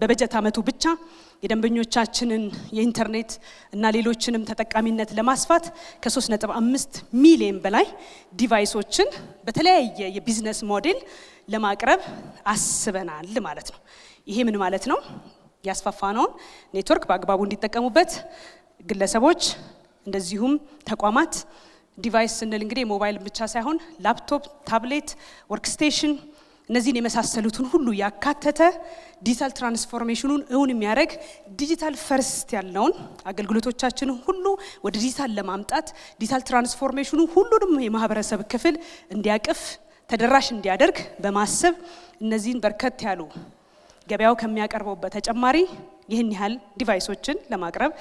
በበጀት ዓመቱ ብቻ የደንበኞቻችንን የኢንተርኔት እና ሌሎችንም ተጠቃሚነት ለማስፋት ከ3.5 ሚሊዮን በላይ ዲቫይሶችን በተለያየ የቢዝነስ ሞዴል ለማቅረብ አስበናል ማለት ነው። ይሄ ምን ማለት ነው? ያስፋፋነውን ኔትወርክ በአግባቡ እንዲጠቀሙበት ግለሰቦች እንደዚሁም ተቋማት ዲቫይስ ስንል እንግዲህ ሞባይል ብቻ ሳይሆን ላፕቶፕ፣ ታብሌት፣ ወርክስቴሽን እነዚህን የመሳሰሉትን ሁሉ ያካተተ ዲጂታል ትራንስፎርሜሽኑን እውን የሚያደርግ ዲጂታል ፈርስት ያለውን አገልግሎቶቻችንን ሁሉ ወደ ዲጂታል ለማምጣት ዲጂታል ትራንስፎርሜሽኑ ሁሉንም የማህበረሰብ ክፍል እንዲያቅፍ ተደራሽ እንዲያደርግ በማሰብ እነዚህን በርከት ያሉ ገበያው ከሚያቀርበው በተጨማሪ ይህን ያህል ዲቫይሶችን ለማቅረብ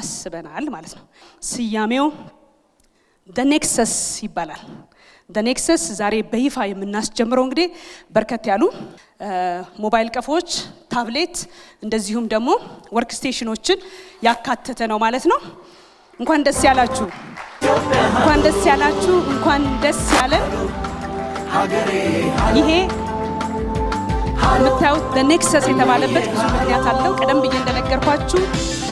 አስበናል ማለት ነው። ስያሜው ደኔክሰስ ይባላል። ኔክሰስ ዛሬ በይፋ የምናስጀምረው እንግዲህ በርከት ያሉ ሞባይል ቀፎዎች፣ ታብሌት እንደዚሁም ደግሞ ወርክ ስቴሽኖችን ያካተተ ነው ማለት ነው። እንኳን ደስ ያላችሁ፣ እንኳን ደስ ያላችሁ፣ እንኳን ደስ ያለን። ይሄ የምታዩት በኔክሰስ የተባለበት ብዙ ምክንያት አለው። ቀደም ብዬ እንደነገርኳችሁ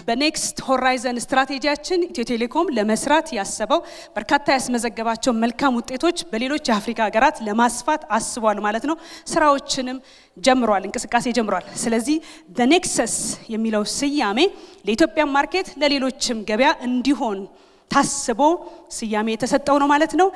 በኔክስት ሆራይዘን ስትራቴጂያችን ኢትዮ ቴሌኮም ለመስራት ያሰበው በርካታ ያስመዘገባቸው መልካም ውጤቶች በሌሎች የአፍሪካ ሀገራት ለማስፋት አስቧል ማለት ነው። ስራዎችንም ጀምሯል፣ እንቅስቃሴ ጀምሯል። ስለዚህ በኔክሰስ የሚለው ስያሜ ለኢትዮጵያ ማርኬት ለሌሎችም ገበያ እንዲሆን ታስቦ ስያሜ የተሰጠው ነው ማለት ነው።